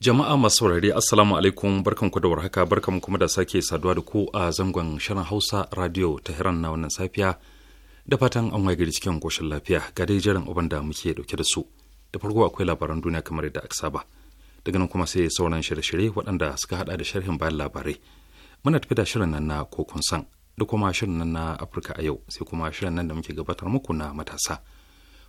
Jama'a masu saurari Assalamu alaikum barkanku da warhaka barkan kuma da sake saduwa da ku a zangon shirin Hausa Radio Tehran na wannan safiya da fatan an waye gari cikin koshin lafiya ga dai jiran uban da muke dauke da su. Da farko akwai labaran duniya kamar yadda aka saba. Daga nan kuma sai sauran shirye-shirye waɗanda suka hada da sharhin bayan labarai. Muna tafi da shirin nan na kokon san da kuma shirin nan na Afirka a yau sai kuma shirin nan da muke gabatar muku na matasa.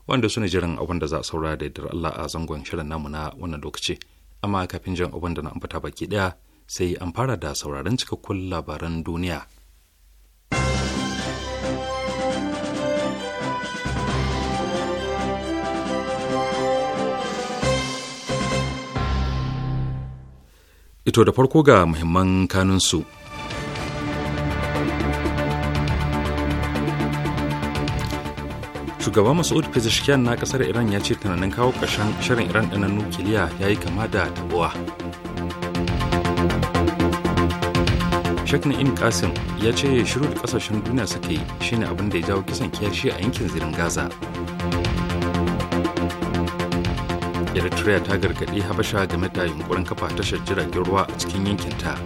Wanda su ne jiran abin da za a saura da yardar Allah a zangon shirin namu na wannan lokaci. amma kafin jan abin da na ambata baki daya sai an fara da sauraron cikakkun labaran duniya. Ito da farko ga muhimman kanunsu. shugaban masud pezeshkian na kasar iran ya ce tunanin kawo ƙarshen shirin iran ɗin nukiliya ya yi kama da tabuwa shek in kasim ya ce shiru da kasashen duniya suka yi shine abin da ya jawo kisan kiyashi a yankin zirin gaza eritrea ta gargaɗi habasha game da yunkurin kafa tashar jiragen ruwa a cikin yankinta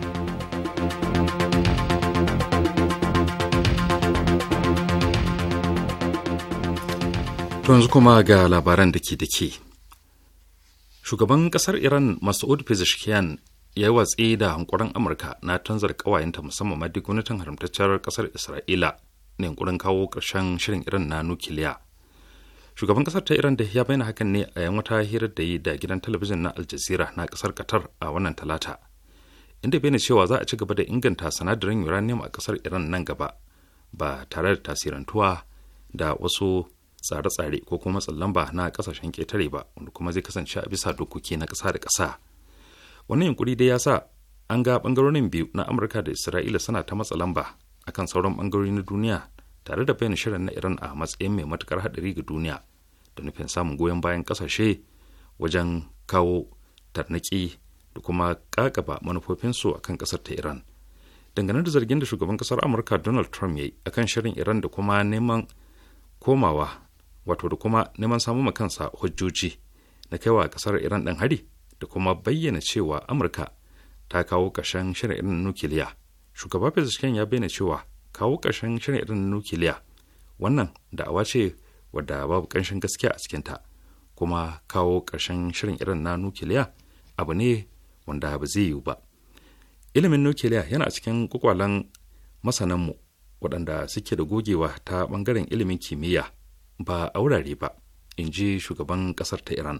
yanzu kuma ga labaran da ke da ke. Shugaban ƙasar Iran Masoud Pezeshkian ya yi watsi da hankuran Amurka na tanzar ƙawayenta musamman ma duk gwamnatin haramtacciyar kasar Isra'ila na yankurin kawo ƙarshen shirin Iran na nukiliya. Shugaban kasar ta Iran da ya bayyana hakan ne a yan wata hirar da yi da gidan talabijin na Al Jazeera na kasar Qatar a wannan talata. Inda bayyana cewa za a ci gaba da inganta sinadarin uranium a kasar Iran nan gaba ba tare da tasirantuwa da wasu tsare-tsare ko kuma matsin lamba na kasashen ketare ba wanda kuma zai kasance a bisa dokoki na kasa da kasa wani yunkuri dai ya sa an ga ɓangarorin biyu na amurka da isra'ila suna ta matsa lamba akan sauran ɓangarori na duniya tare da bayan shirin na iran a matsayin mai matukar haɗari ga duniya da nufin samun goyon bayan ƙasashe wajen kawo tarnaki da kuma ƙaƙaba manufofinsu akan ƙasar ta iran dangane da zargin da shugaban ƙasar amurka donald trump ya yi akan shirin iran da kuma neman komawa wato da kuma neman samu kansa hujjoji na kaiwa kasar iran ɗin hari da kuma bayyana cewa amurka ta kawo ƙarshen shirin irin nukiliya shugaba pezeshkian ya bayyana cewa kawo ƙarshen shirin irin nukiliya wannan da'awa ce wadda babu ƙanshin gaskiya a cikinta kuma kawo ƙarshen shirin irin na nukiliya abu ne wanda ba zai yiwu ba ilimin nukiliya yana cikin kwakwalen masananmu waɗanda suke da gogewa ta ɓangaren ilimin kimiyya ba a wurare ba in ji shugaban kasar ta iran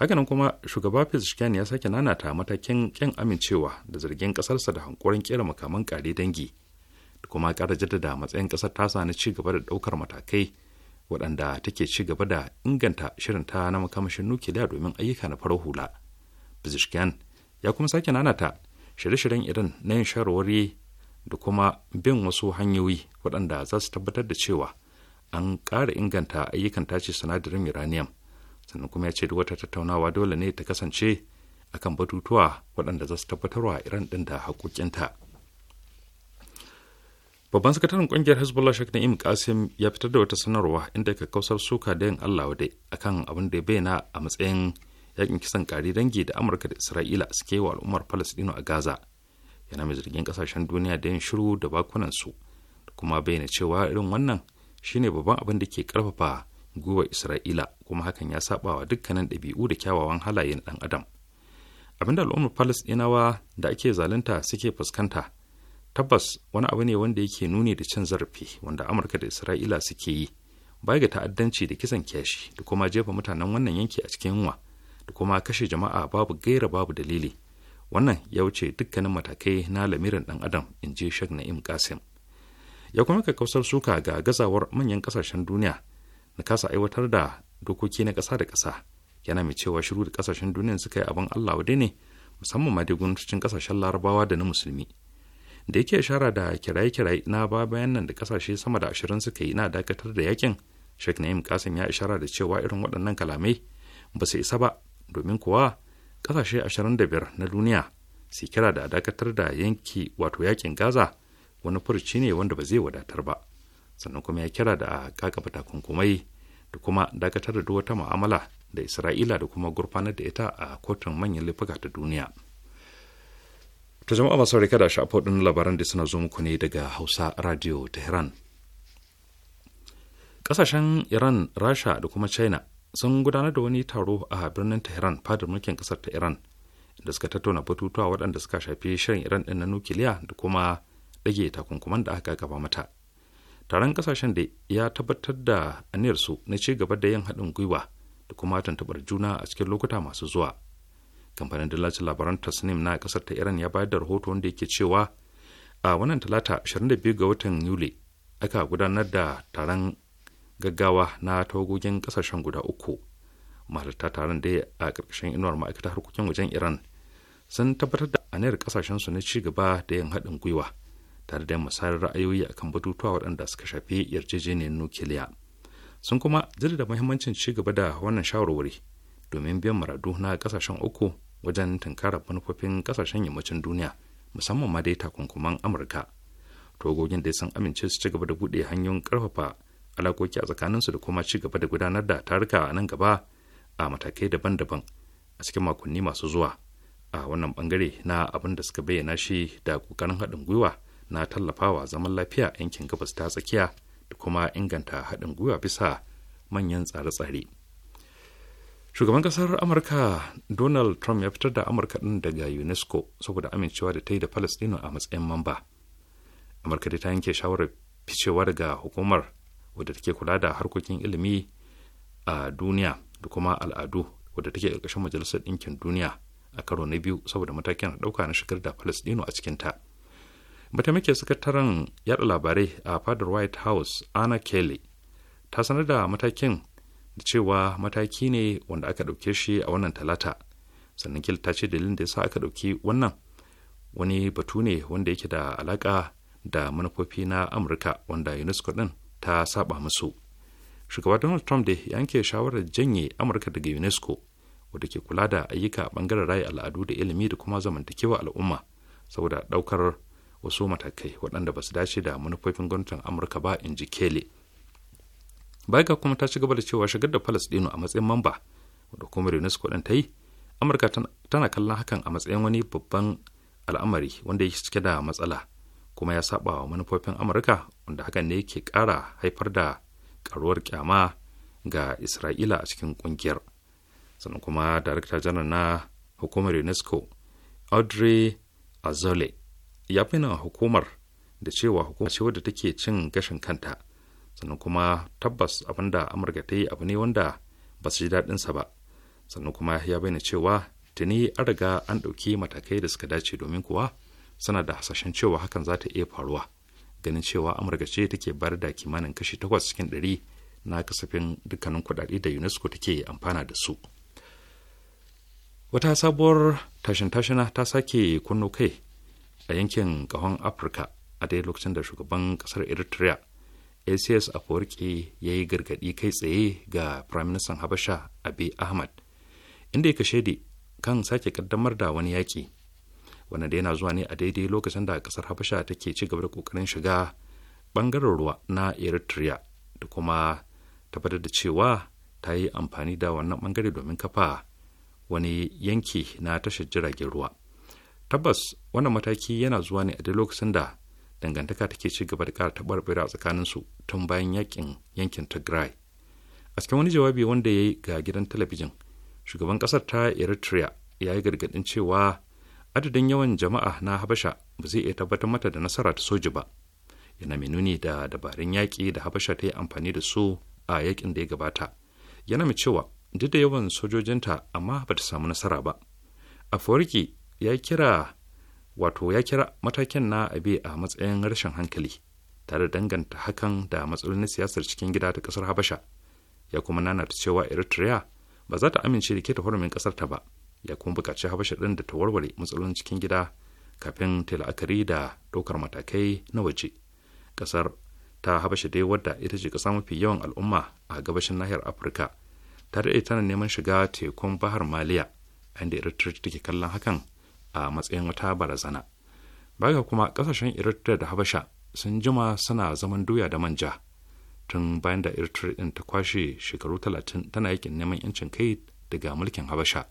hakanan kuma shugaba pezeshkian ya sake nanata matakin kyan amincewa da zargin kasarsa da hankurin kera makaman kare dangi da kuma kara jaddada matsayin kasar ta sani ci gaba da ɗaukar matakai waɗanda take ci gaba da inganta shirinta na makamashin nukiliya domin ayyuka na farar hula pezeshkian ya kuma sake nanata shirye-shiryen iran na yin shawarwari da kuma bin wasu hanyoyi waɗanda za su tabbatar da cewa an ƙara inganta ayyukan tashi sinadarin uranium sannan kuma ya ce duk wata tattaunawa dole ne ta kasance akan batutuwa waɗanda za su tabbatarwa iran ɗin da haƙoƙinta babban sakataren ƙungiyar hezbollah shek na'im kasim ya fitar da wata sanarwa inda ka kausar suka da yin allah wade akan abin da ya bayyana a matsayin yakin kisan ƙari dangi da amurka da isra'ila suke yi wa al'ummar palestino a gaza yana mai zargin ƙasashen duniya da yin shiru da bakunansu da kuma bayyana cewa irin wannan shine babban abin da ke karfafa guwa isra'ila kuma hakan ya saba wa dukkanin ɗabi'u da kyawawan halaye na ɗan adam abin da al'ummar palestinawa da ake zalunta suke fuskanta tabbas wani abu ne wanda yake nuni da cin zarafi wanda amurka da isra'ila suke yi baya ga ta'addanci da kisan kyashi da kuma jefa mutanen wannan yanki a cikin yunwa da kuma kashe jama'a babu gaira babu dalili wannan ya wuce dukkanin matakai na lamirin ɗan adam in je shag na'im kasim ya kuma kai kausar suka ga gazawar manyan kasashen duniya na kasa aiwatar da dokoki na ƙasa da ƙasa yana mai cewa shiru da kasashen duniya suka yi abin allah wadai ne musamman ma cikin kasashen larabawa da na musulmi da yake shara da kiraye-kiraye na ba bayan nan da kasashe sama da ashirin suka yi na dakatar da yakin sheikh na'im kasim ya ishara da cewa irin waɗannan kalamai ba su isa ba domin kuwa ƙasashe ashirin da biyar na duniya su kira da dakatar da yanki wato yakin gaza wani furci ne wanda ba zai wadatar ba sannan kuma ya kira da a kakaba takunkumai da kuma dakatar da wata mu'amala da isra'ila da kuma gurfanar da ita a kotun manyan laifuka ta duniya ta jama'a masu rika da shafoɗin labaran da suna zo muku ne daga hausa radio tehran ƙasashen iran rasha da kuma china sun gudanar da wani taro a birnin tehran fadar mulkin ƙasar ta iran da suka tattauna batutuwa waɗanda suka shafi shirin iran ɗin na nukiliya da kuma ɗage takunkuman da aka gaba mata taron kasashen da ya tabbatar da aniyarsu na ci gaba da yin haɗin gwiwa da kuma tuntuɓar juna a cikin lokuta masu zuwa kamfanin dillacin labaran tasnim na ƙasar ta iran ya bayar da rahoto wanda yake cewa a wannan talata 22 ga watan yuli aka gudanar da taron gaggawa na tawagogin kasashen guda uku mahalarta taron da a ƙarƙashin inuwar ma'aikatar harkokin wajen iran sun tabbatar da aniyar kasashen su na ci gaba da yin haɗin gwiwa tare da musayar ra'ayoyi akan batutuwa waɗanda suka shafi yarjejeniyar nukiliya sun kuma jirda mahimmancin ci gaba da wannan shawarwari domin biyan maradu na kasashen uku wajen tunkara manufofin kasashen yammacin duniya musamman ma dai takunkuman amurka togogin dai sun amince su ci gaba da buɗe hanyoyin ƙarfafa alakoki a tsakaninsu da kuma ci gaba da gudanar da taruka a nan gaba a matakai daban-daban a cikin makonni masu zuwa a wannan bangare na abin da suka bayyana shi da ƙoƙarin haɗin gwiwa na tallafawa zaman lafiya yankin gabas ta tsakiya da kuma inganta haɗin gwiwa bisa manyan tsare-tsare shugaban ƙasar amurka donald trump ya fitar da amurka ɗin daga unesco saboda amincewa da ta yi da palestino a matsayin mamba amurka dai ta yanke shawarar ficewa daga hukumar wadda take kula da harkokin ilimi a duniya da kuma al'adu wadda take ƙarƙashin majalisar ɗinkin duniya a karo na biyu saboda matakin ɗauka na shigar da palestino a cikinta mataimakin sakataren yada labarai a fadar white house anna kelly ta sanar da matakin da cewa mataki ne wanda aka ɗauke shi a wannan talata sannan kelly ta ce dalilin da ya sa aka ɗauki wannan wani batu ne wanda yake da alaka da manufofi na amurka wanda unesco ɗin ta saba musu shugaba donald trump da yanke shawarar janye amurka daga unesco wadda ke kula da ayyuka a bangaren rayu al'adu da ilimi da kuma zamantakewa al'umma saboda ɗaukar wasu matakai waɗanda ba su dace da manufofin gwamnatin amurka ba in ji kele baiga kuma ta ci gaba da cewa shigar da palestino a matsayin mamba wadda kuma unesco ɗin ta yi amurka tana kallon hakan a matsayin wani babban al'amari wanda yake cike da matsala kuma ya saba wa manufofin amurka wanda hakan ne ke ƙara haifar da karuwar kyama ga isra'ila a cikin ƙungiyar sannan kuma darakta janar na hukumar unesco audrey azoulay ya fina hukumar da cewa hukumar ce wadda take cin gashin kanta sannan kuma tabbas abin da amurka ta yi abu ne wanda ba su ji daɗinsa ba sannan kuma ya bayyana cewa tuni an riga an ɗauki matakai da suka dace domin kuwa suna da hasashen cewa hakan za ta iya faruwa ganin cewa amurka ce take bayar da kimanin kashi takwas cikin ɗari na kasafin dukkanin kuɗaɗe da unesco take amfana da su wata sabuwar tashin-tashina ta sake kunno kai a yankin gahon afirka a daya lokacin da shugaban kasar eritrea acs aforki ya yi gargadi kai tsaye ga firaministan habasha abi ahmad inda ya kashe da kan sake kaddamar da wani yaƙi wanda da yana zuwa ne a daidai lokacin da kasar habasha take ci gaba da kokarin shiga bangaren ruwa na eritrea da kuma tabbatar da cewa ta yi amfani da wannan bangare domin kafa wani yanki na tashar jiragen ruwa tabbas wannan mataki yana zuwa ne a duk lokacin da dangantaka take ci gaba da ƙara taɓarɓara tsakanin su tun bayan yakin yankin tigray a cikin wani jawabi wanda ya yi ga gidan talabijin shugaban ƙasar ta eritrea ya yi gargaɗin cewa adadin yawan jama'a na habasha ba zai iya tabbatar mata da nasara ta soji ba yana mai nuni da dabarun yaƙi da habasha ta yi amfani da su a yakin da ya gabata yana mai cewa duk da yawan sojojinta amma ba ta samu nasara ba a ya kira wato ya kira matakin na abe a matsayin rashin hankali tare da danganta hakan da matsalolin siyasar cikin gida ta kasar habasha ya kuma nana ta cewa eritrea ba za ta amince da keta hurumin kasar ta ba ya kuma bukaci habasha din da ta warware matsalolin cikin gida kafin ta la'akari da ɗaukar matakai na waje kasar ta habasha dai wadda ita ce kasa mafi yawan al'umma a gabashin nahiyar afirka ta daɗe tana neman shiga tekun bahar maliya inda eritrea take kallon hakan a matsayin wata barazana baga kuma kasashen eritrea da habasha sun jima suna zaman doya da manja tun bayan da eritrea din ta kwashe shekaru talatin tana yakin neman yancin kai daga mulkin habasha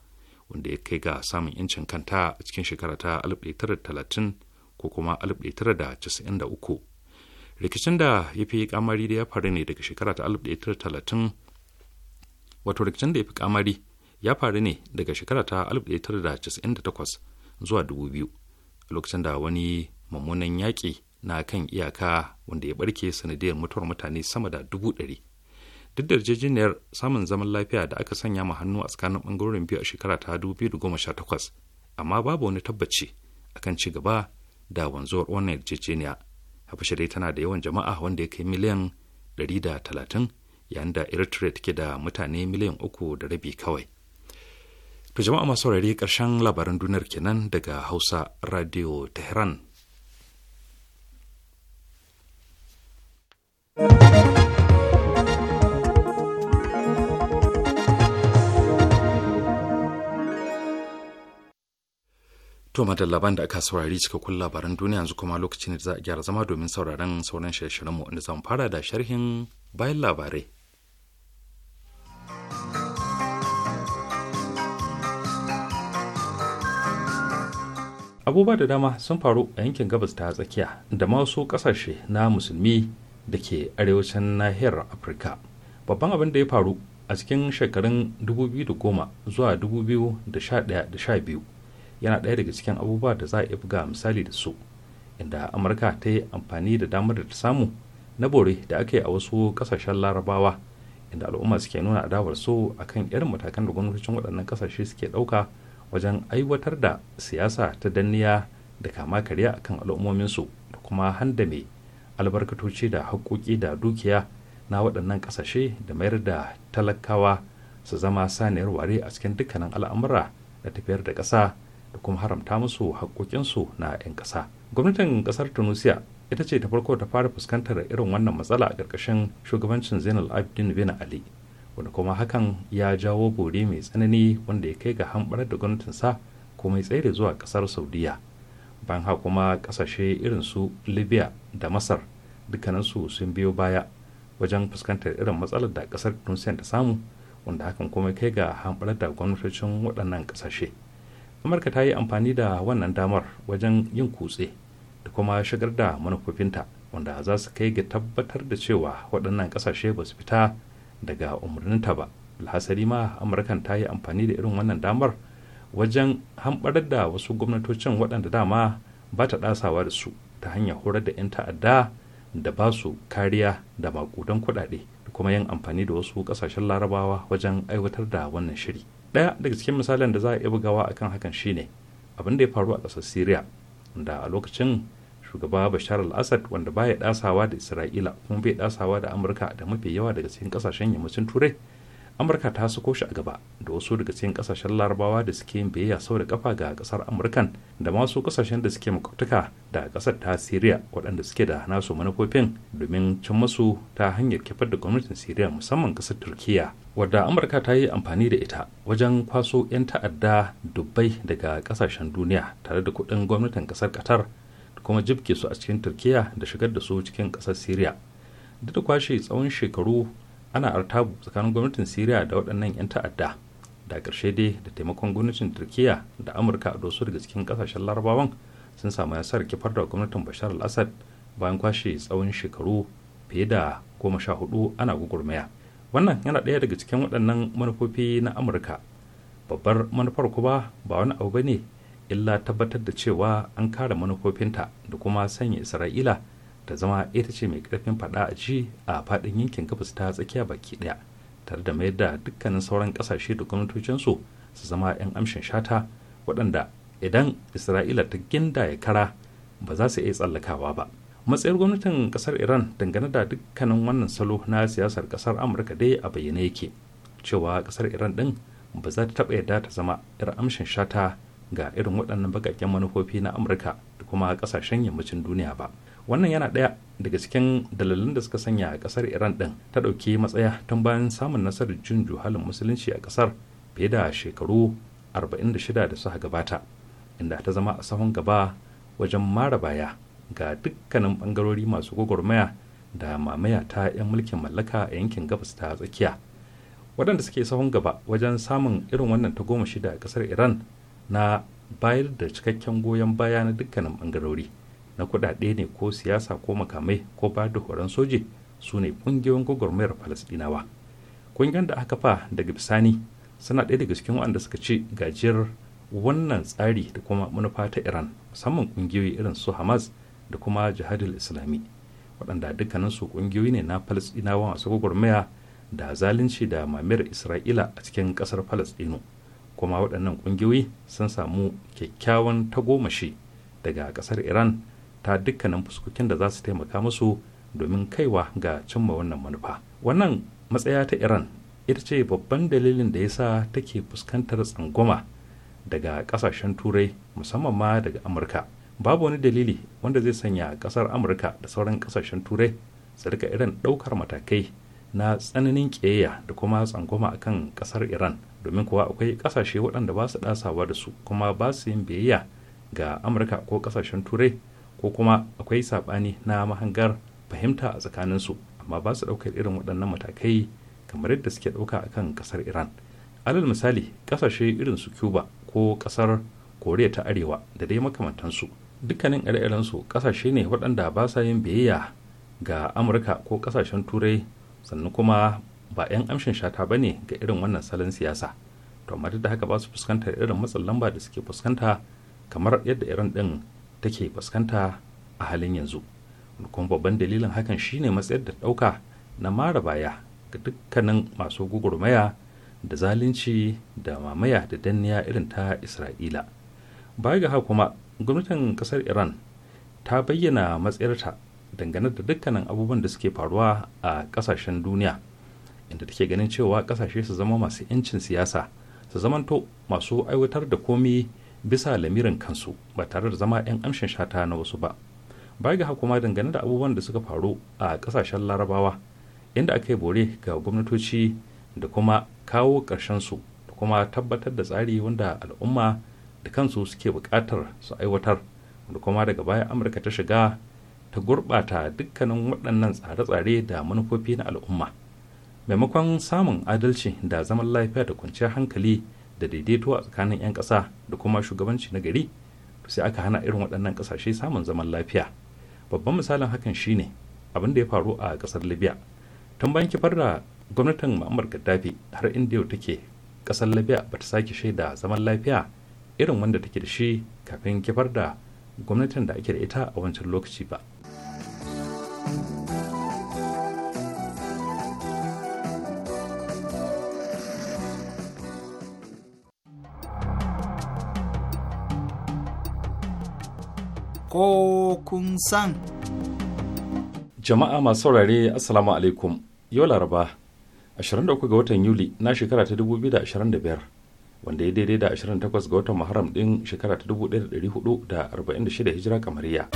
wanda ya kai ga samun yancin kanta a cikin shekara ta 1930 ko kuma 1993 rikicin da ya fi kamari da ya faru ne daga shekara ta 1930 wato rikicin da ya fi kamari ya faru ne daga shekara ta 1998 zuwa dubu biyu lokacin da wani mummunan yaƙi na kan iyaka wanda ya barke sanadiyar mutuwar mutane sama da dubu ɗari duk da yarjejeniyar samun zaman lafiya da aka sanya ma hannu a tsakanin ɓangarorin biyu a shekara ta da goma sha takwas amma babu wani tabbaci akan ci gaba da wanzuwar wannan yarjejeniya habasha dai tana da yawan jama'a wanda ya kai miliyan ɗari da talatin yayin da eritrea take da mutane miliyan uku da rabi kawai To jama'a masu saurari ƙarshen labaran duniyar kenan daga Hausa Radio Tehran. To madallaban da aka saurari cika kun labaran duniya yanzu kuma lokacin da za a gyara zama domin sauraron sauran shirye-shiryenmu inda zamu fara da sharhin bayan labarai. abubuwa da dama sun faru a yankin gabas ta tsakiya da masu kasashe na musulmi da ke arewacin nahiyar afirka babban abin da ya faru a cikin shekarun 2010 zuwa 2011-12 yana ɗaya daga cikin abubuwa da za a iya buga misali da su inda amurka ta yi amfani da damar da ta samu na bore da aka yi a wasu kasashen larabawa inda al'umma suke nuna adawar su akan irin matakan da gwamnatocin waɗannan kasashe suke ɗauka wajen aiwatar da siyasa ta danniya da kama karya akan al'ummominsu da kuma handame albarkatoci da haƙoƙi da dukiya na waɗannan ƙasashe da mayar da talakawa su zama saniyar ware a cikin dukkanin al'amura da tafiyar da ƙasa da kuma haramta musu haƙoƙinsu na 'yan ƙasa gwamnatin ƙasar tunisia ita ce ta farko ta fara fuskantar irin wannan matsala a ƙarƙashin shugabancin zainal abidin bin ali wanda kuma hakan ya jawo bore mai tsanani wanda ya kai ga hambar da gwamnatinsa kuma ya tsere zuwa kasar saudiya bayan ha kuma kasashe irin su libya da masar dukkaninsu sun biyo baya wajen fuskantar irin matsalar da kasar tunisia ta samu wanda hakan kuma kai ga hambar da gwamnatocin waɗannan kasashe amurka ta yi amfani da wannan damar wajen yin kutse da kuma shigar da manufofinta wanda za su kai ga tabbatar da cewa waɗannan kasashe ba su fita daga umarninta ba alhasari ma amurkan ta yi amfani da irin wannan damar wajen hamɓarar da wasu gwamnatocin waɗanda dama ba ta ɗasawa da su ta hanyar horar da 'yan ta'adda da ba su kariya da makudan kuɗaɗe da kuma yin amfani da wasu ƙasashen larabawa wajen aiwatar da wannan shiri ɗaya daga cikin misalin da za a iya bugawa akan hakan shine abin da ya faru a ƙasar syria da a lokacin shugaba bashar al-assad wanda baya dasawa da isra'ila kuma bai dasawa da amurka da mafi yawa daga cikin kasashen yammacin turai amurka ta sako shi a gaba da wasu daga cikin kasashen larabawa da suke yin biyayya sau da kafa ga kasar amurkan da masu kasashen da suke makwabtaka da kasar ta syria waɗanda suke da nasu manufofin domin cin masu ta hanyar kifar da gwamnatin syria musamman kasar turkiya wadda amurka ta yi amfani da ita wajen kwaso 'yan ta'adda dubbai daga kasashen duniya tare da kuɗin gwamnatin kasar qatar da kuma jibke su a cikin turkiya da shigar da su cikin kasar syria duk da kwashe tsawon shekaru ana artabu tsakanin gwamnatin syria da waɗannan 'yan ta'adda da ƙarshe dai da taimakon gwamnatin turkiya da amurka a dosu daga cikin ƙasashen larabawan sun samu nasarar kifar da gwamnatin bashar al-assad bayan kwashe tsawon shekaru fiye da goma sha hudu ana gugurmaya wannan yana ɗaya daga cikin waɗannan manufofi na amurka babbar manufar kuma ba wani abu ba ne illa tabbatar da cewa an kare manufofinta da kuma sanya isra'ila ta zama ita ce mai karfin fada a ci a fadin yankin gabas ta tsakiya baki daya tare da mayar da dukkanin sauran kasashe da gwamnatocinsu su zama 'yan amshin shata waɗanda idan isra'ila ta ginda ya kara ba za su iya tsallakawa ba matsayin gwamnatin kasar iran dangane da dukkanin wannan salo na siyasar kasar amurka dai a bayyane yake cewa kasar iran din ba za ta taɓa yarda ta zama 'yar amshin shata ga irin waɗannan bakakken manufofi na amurka da kuma ƙasashen yammacin duniya ba wannan yana ɗaya daga cikin dalilin da suka sanya a ƙasar iran ɗin ta ɗauki matsaya tun bayan samun nasarar jin juhalin musulunci a ƙasar fiye da shekaru 46 da suka gabata inda ta zama a sahun gaba wajen mara baya ga dukkanin ɓangarori masu gwagwarmaya da mamaya ta 'yan mulkin mallaka a yankin gabas ta tsakiya waɗanda suke sahun gaba wajen samun irin wannan ta goma shida a ƙasar iran na bayar da cikakken goyon baya na dukkanin bangarori na kudade ne ko siyasa ko makamai ko ba da horon soji su ne kungiyoyin gwagwarmayar falasdinawa kungiyar da aka fa daga bisani suna ɗaya daga cikin waɗanda suka ci gajiyar wannan tsari da kuma manufa ta iran musamman kungiyoyi irin su hamas da kuma jihadul islami waɗanda su kungiyoyi ne na falasdinawa masu gwagwarmaya da zalunci da mamayar isra'ila a cikin ƙasar falasɗinu. kuma waɗannan ƙungiyoyi sun samu kyakkyawan tagomashi daga ƙasar iran ta dukkanin fuskokin da za su taimaka musu domin kaiwa ga cimma wannan manufa wannan matsaya ta iran ita ce babban dalilin da ya sa take fuskantar tsangwama daga ƙasashen turai musamman ma daga amurka babu wani dalili wanda zai sanya ƙasar amurka da sauran ƙasashen turai su rika irin ɗaukar matakai na tsananin ƙiyayya da kuma tsangwama akan ƙasar iran domin kuwa akwai kasashe waɗanda ba su ɗasawa da su kuma ba su yin biyayya ga amurka ko kasashen turai ko kuma akwai saɓani na mahangar fahimta a tsakaninsu amma ba su ɗaukar irin waɗannan matakai kamar yadda suke ɗauka a kan ƙasar iran alal misali ƙasashe irin su cuba ko ƙasar koriya ta arewa da dai makamantansu dukkanin ire-irensu ƙasashe ne waɗanda ba sa yin biyayya ga amurka ko ƙasashen turai sannan kuma ba 'yan amshin shata ba ne ga irin wannan salon siyasa to amma da haka ba su fuskantar irin matsin lamba da suke fuskanta kamar yadda irin din take fuskanta a halin yanzu kuma babban dalilin hakan shine matsayar da ɗauka na mara baya ga dukkanin masu gugurmaya da zalunci da mamaya da danniya irin ta isra'ila baya ga haka kuma gwamnatin kasar iran ta bayyana matsayarta dangane da dukkanin abubuwan da suke faruwa a ƙasashen duniya inda take ganin cewa kasashe su zama masu 'yancin siyasa su zamanto masu aiwatar da komi bisa lamirin kansu ba tare da zama 'yan amshin shata na wasu ba baya ga kuma dangane da abubuwan da suka faru a kasashen larabawa inda aka yi bore ga gwamnatoci da kuma kawo su da kuma tabbatar da tsari wanda al'umma da kansu suke buƙatar su aiwatar da kuma daga baya amurka ta shiga ta gurɓata dukkanin waɗannan tsare-tsare da manufofi na al'umma maimakon samun adalci da zaman lafiya da kwanciyar hankali da daidaito a tsakanin 'yan ƙasa da kuma shugabanci na gari sai aka hana irin waɗannan ƙasashe samun zaman lafiya babban misalin hakan shine abin da ya faru a ƙasar libya tun bayan kifar da gwamnatin ma'amar gaddafi har inda yau take ƙasar libya ba ta sake shaida zaman lafiya irin wanda take da shi kafin kifar da gwamnatin da ake da ita a wancan lokaci ba ko kun san. Jama'a masu saurare Assalamu alaikum yau Laraba 23 ga watan Yuli na shekara ta 2025 wanda ya daidai da 28 ga watan Muharram ɗin shekara ta 1446 Hijira kamariya.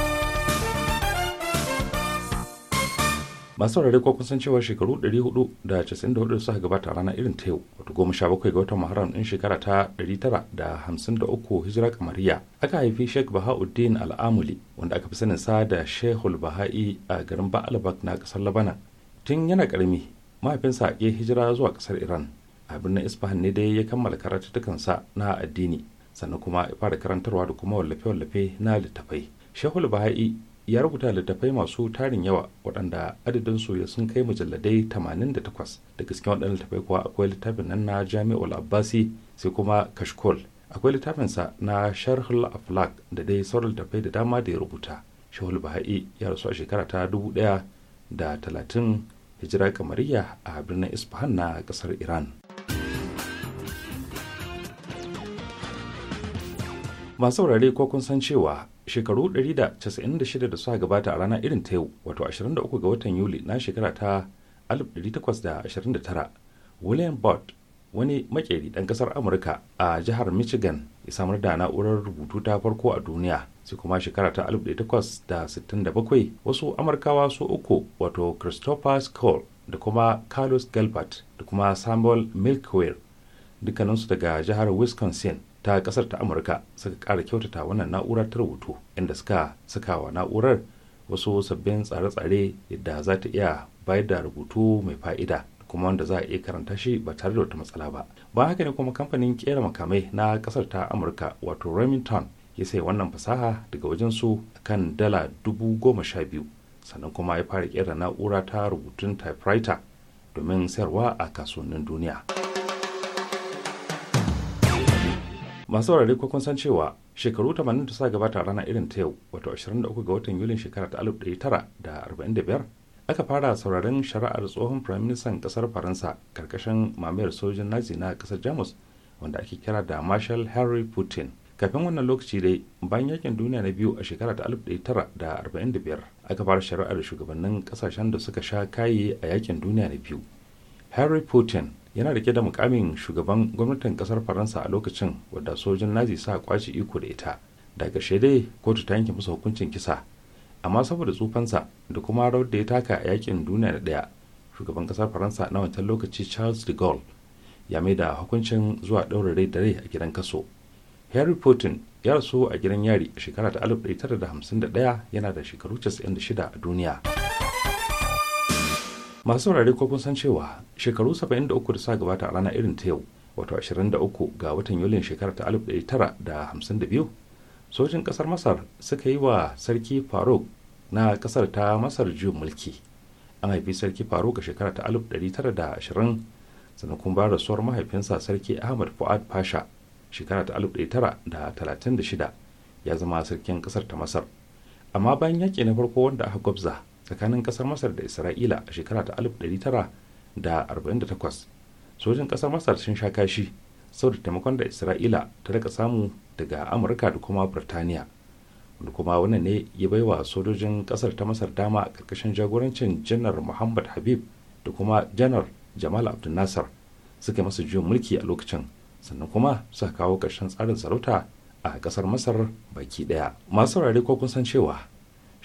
masu saurare ko kun san cewa shekaru 494 suka gabata rana irin ta yau wato goma sha bakwai ga watan muharram din shekara ta 953 hijira kamariya aka haifi sheikh bahauddin al'amuli wanda aka fi sanin sa da shehul baha'i a garin ba'albak na kasar Labanan. tun yana karami mahaifinsa ya hijira zuwa kasar iran a birnin isfahan ne dai ya kammala sa na addini sannan kuma ya fara karantarwa da kuma wallafe-wallafe na littafai shehul baha'i ya rubuta littattafai masu tarin yawa waɗanda adadinsu ya sun kai mujalladai 88 daga cikin waɗannan littattafai kuwa akwai littafin nan na jami'ul abbasi sai kuma kashkol akwai littafinsa na sharhul aflak da dai sauran littattafai da dama da ya rubuta shahul baha'i ya rasu a shekara ta dubu da talatin hijira kamariya a birnin isfahan na ƙasar iran masu saurare ko kun san cewa shekaru 196 da suka gabata a rana irin ta yau wato 23 ga watan yuli na shekara ta 1829 william bott wani makeri ɗan ƙasar amurka a jihar michigan ya samar da na'urar rubutu ta farko a duniya sai kuma shekara ta 1867 wasu amurkawa su uku wato christopher skoll da kuma carlos gilbert da kuma samuel milkweir dukkaninsu daga jihar wisconsin ta kasar ta amurka suka kara kyautata wannan na'urar ta rubutu inda suka saka wa na'urar wasu sabbin tsare-tsare yadda za ta iya bayar da rubutu mai fa'ida kuma wanda za a iya karanta shi ba tare da wata matsala ba ba haka ne kuma kamfanin kera makamai na kasar ta amurka wato remington ya sai wannan fasaha daga wajen su kan dala dubu goma sha biyu sannan kuma ya fara kera na'ura ta rubutun typewriter domin sayarwa a kasuwannin duniya. masu wurare ko kun san cewa shekaru 80 da suka gabata a ranar irin ta yau wato 23 ga watan yulin shekara ta 1945 aka fara sauraron shari'ar tsohon firaministan kasar faransa karkashin mamayar sojin nazi na kasar jamus wanda ake kira da marshal Harry putin kafin wannan lokaci dai bayan yakin duniya na biyu a shekara ta 1945 aka fara shari'ar shugabannin kasashen da suka sha kaye a yakin duniya na biyu Harry putin yana rike da mukamin shugaban gwamnatin kasar faransa a lokacin wadda sojin nazi sa kwace iko da ita da daga dai kotu ta yanke masa hukuncin kisa amma saboda tsufansa da kuma rawar da ya taka a yakin duniya da daya shugaban kasar faransa na wancan lokaci charles de gaulle ya mai da hukuncin zuwa daurare rai da rai a gidan kaso harry putin ya rasu a gidan yari shekara ta 1951 yana da shekaru 96 a duniya. masu saurare ko kun san cewa shekaru 73 da sa gabata a rana irin ta yau wato 23 ga watan yulin shekarar ta 1952 sojin kasar masar suka yi wa sarki faruk na kasar ta masar juyin mulki an haifi sarki faruk a shekarar ta 1920 sannan kuma ba rasuwar mahaifinsa sarki ahmad fuad pasha shekara ta 1936 ya zama sarkin kasar ta masar amma bayan yaƙi na farko wanda aka gwabza tsakanin kasar masar da isra'ila a shekara ta 1948 sojin kasar masar sun sha kashi sau da taimakon da isra'ila ta rika samu daga amurka da kuma birtaniya wanda kuma wannan ne ya baiwa sojojin kasar ta masar dama a karkashin jagorancin janar muhammad habib da kuma janar jamal abdul nasar suka masa juyin mulki a lokacin sannan kuma suka kawo karshen tsarin sarauta a kasar masar baki daya masu rare ko kun san cewa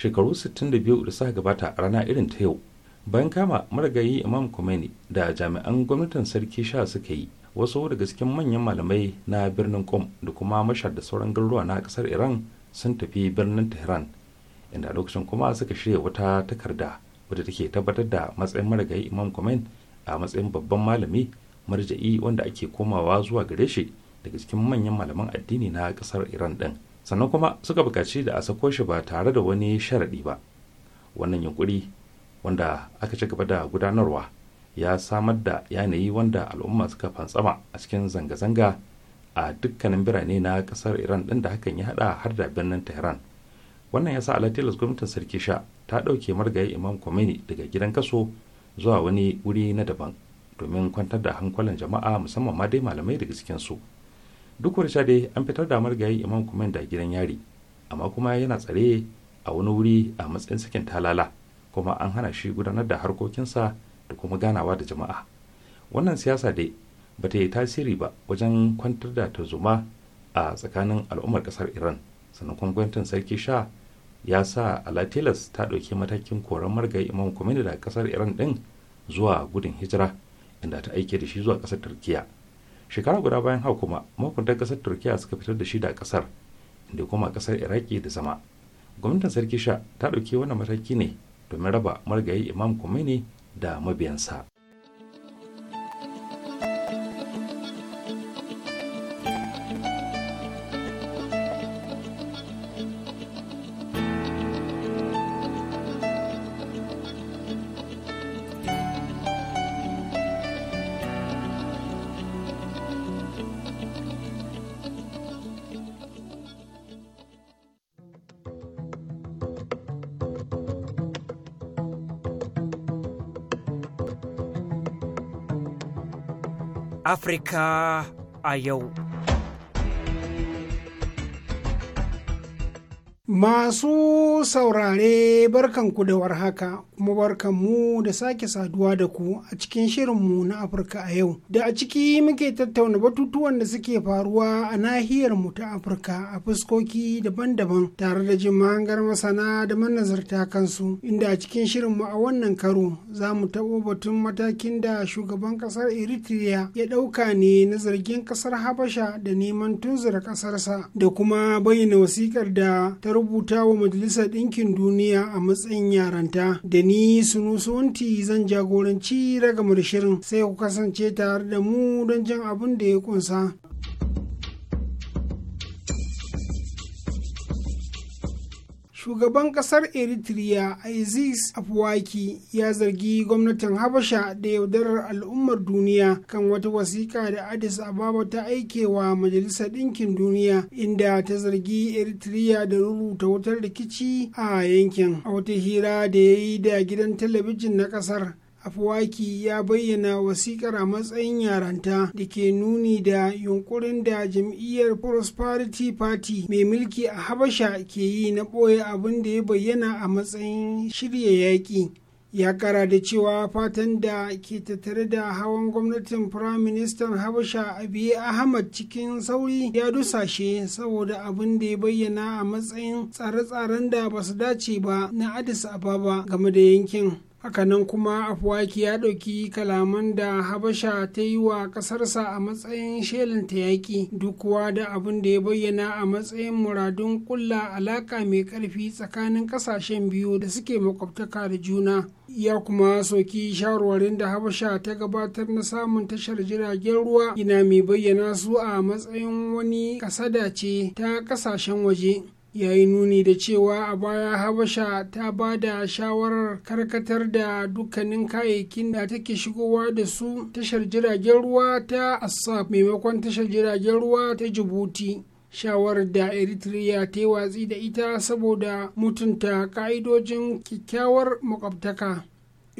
shekaru 62 da suka gabata a rana irin ta yau bayan kama marigayi imam Khomeini da jami'an gwamnatin sarki sha suka yi wasu daga cikin manyan malamai na birnin kom da kuma mashar da sauran garuruwa na kasar iran sun tafi birnin tehran inda lokacin kuma suka shirya wata takarda wadda take tabbatar da matsayin marigayi imam Khomeini a matsayin babban malami marja'i wanda ake komawa zuwa gare shi daga cikin manyan malaman addini na kasar iran din sannan kuma suka bukaci da a sako shi ba tare da wani sharaɗi ba wannan yunkuri wanda aka ci gaba da gudanarwa ya samar da yanayi wanda al'umma suka fantsama a cikin zanga-zanga a dukkanin birane na ƙasar iran ɗin da hakan ya haɗa har da birnin tehran wannan ya sa alatilas gwamnatin sarki sha ta ɗauke margayi imam kwamini daga gidan kaso zuwa wani wuri na daban domin kwantar da hankulan jama'a musamman ma dai malamai daga cikinsu su duk wani dai an fitar da margayi imam kumen da gidan yari amma kuma yana tsare a wani wuri a matsayin sakin talala kuma an hana shi gudanar da harkokinsa da kuma ganawa da jama'a wannan siyasa dai ba ta yi tasiri ba wajen kwantar da tarzoma a tsakanin al'ummar kasar iran sannan kuma sarki sha ya sa alatilas ta ɗauki matakin koran margayi imam kuma da kasar iran ɗin zuwa gudun hijira inda ta aike da shi zuwa kasar turkiya shekara guda bayan hau kuma mahukuntar kasar turkiya suka fitar da shi da kasar inda kuma kasar iraki da zama gwamnatin sarki sha ta ɗauki wannan mataki ne domin raba marigayi imam khomeini da mabiyansa Afirka Ai, eu. Masu saurare barkanku da warhaka kuma barkanmu da sake saduwa da ku a cikin shirinmu na Afirka a yau. Da a ciki muke tattauna batutuwan da suke faruwa a nahiyar mu ta Afirka a fuskoki daban-daban tare da jin mahangar masana da manazarta kansu inda a cikin shirinmu a wannan karo za mu taɓo batun matakin da shugaban ƙasar Eritrea ya ɗauka ne na zargin ƙasar Habasha da neman tunzura ƙasarsa da kuma bayyana wasiƙar da ta rubuta wa majalisar ɗinkin duniya a matsayin yaranta da ni sunusunti zan jagoranci ragamar shirin sai ku kasance tare da mu don jan abin da ya kunsa. shugaban kasar eritrea aziz afwaki ya zargi gwamnatin habasha da yaudarar al'ummar duniya kan wata wasiƙa da addis ababa ta aike wa majalisar ɗinkin duniya inda ta zargi eritrea da rubuta wutar rikici a yankin a wata hira da ya yi da gidan talabijin na kasar Afuwaki ya bayyana wasikar a matsayin yaranta da ke nuni da yunkurin da jam'iyyar prosperity party mai mulki a habasha ke yi na ɓoye abin da ya bayyana a matsayin shirya yaƙi ya kara da cewa fatan da ke tattare da hawan gwamnatin prime minister habasha abiy ahmad cikin sauri ya dusashe saboda abin da ya bayyana a matsayin tsare-tsaren da ba su dace ba na addis ababa game da yankin hakanan kuma afuwaki ya ɗauki kalaman da habasha ta yi wa ƙasarsa a matsayin shelinta yaƙi duk da abin da ya bayyana a matsayin muradun ƙulla alaƙa mai ƙarfi tsakanin ƙasashen biyu da suke makwabtaka da juna ya kuma soki shawarwarin da habasha ta gabatar na samun tashar jiragen ruwa ina mai bayyana su a matsayin wani kasada ce ta ƙasashen waje ya yi nuni da cewa a baya habasha ta ba da shawarar karkatar da dukkanin kayayyakin da take shigowa da su tashar jiragen ruwa ta assaf maimakon tashar jiragen ruwa ta jibuti shawarar da eritrea ta yi watsi da ita saboda mutunta ka'idojin kyakkyawar makwabtaka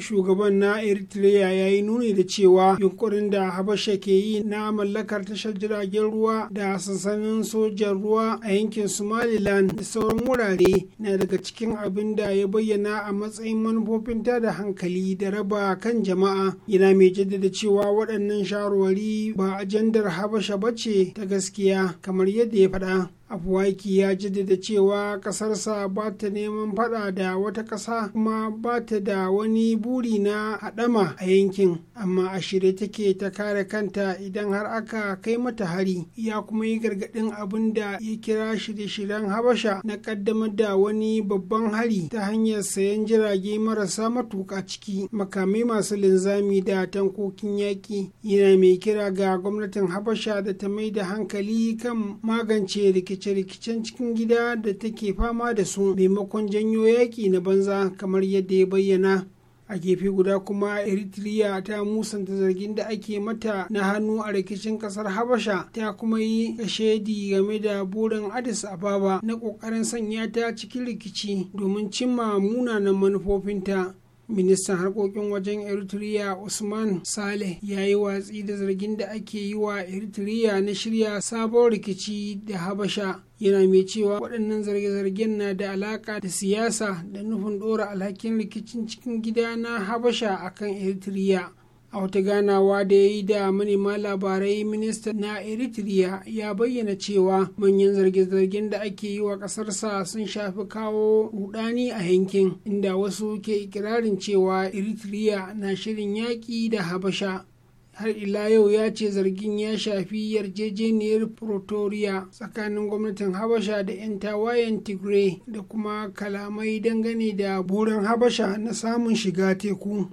shugaban na eritrea ya yi nuni da cewa yunkurin da habasha ke yi na mallakar tashar jiragen ruwa da sansanin sojan ruwa a yankin somaliland da sauran wurare na daga cikin abin da ya bayyana a matsayin manufofin da hankali da raba kan jama'a yana mai jaddada cewa waɗannan shawarwari ba ajandar habasha ba ce ta gaskiya kamar yadda ya faɗa afuwaiki ya jaddada cewa ƙasarsa ba ta neman fada da wata ƙasa kuma ba ta da wani buri na hadama a yankin amma a shirye take ta kare kanta idan har aka kai mata hari ya kuma yi gargadin abin da ya kira shirye-shiryen habasha na ƙaddamar da wani babban hari ta hanyar sayan jirage marasa matuƙa ciki makamai masu linzami da tankokin yaƙi yana mai kira ga gwamnatin habasha da ta mai da hankali kan magance rikici rikice-rikicen cikin gida da take fama da su maimakon janyo yaƙi na banza kamar yadda ya bayyana a gefe guda kuma eritrea ta musanta zargin da ake mata na hannu a rikicin kasar habasha ta kuma yi shaidi game da burin addis ababa na ƙoƙarin sanya ta cikin rikici domin cimma munanan manufofinta ministan harkokin wajen eritrea usman saleh ya yi watsi da zargin da ake yi wa eritrea na shirya sabon rikici da habasha yana mai cewa waɗannan zarge-zargen na da alaƙa da siyasa da nufin ɗora alhakin rikicin cikin gida na habasha akan eritrea a wata ganawa da ya yi da manema labarai minista na eritrea ya bayyana cewa manyan zarge-zargen da ake yi wa ƙasarsa sun shafi kawo rudani a yankin inda wasu ke ikirarin cewa eritrea na shirin yaƙi da habasha har ila yau ya ce zargin ya shafi yarjejeniyar pretoria tsakanin gwamnatin habasha da 'yan tawayen tigray da kuma kalamai dangane da burin habasha na samun shiga teku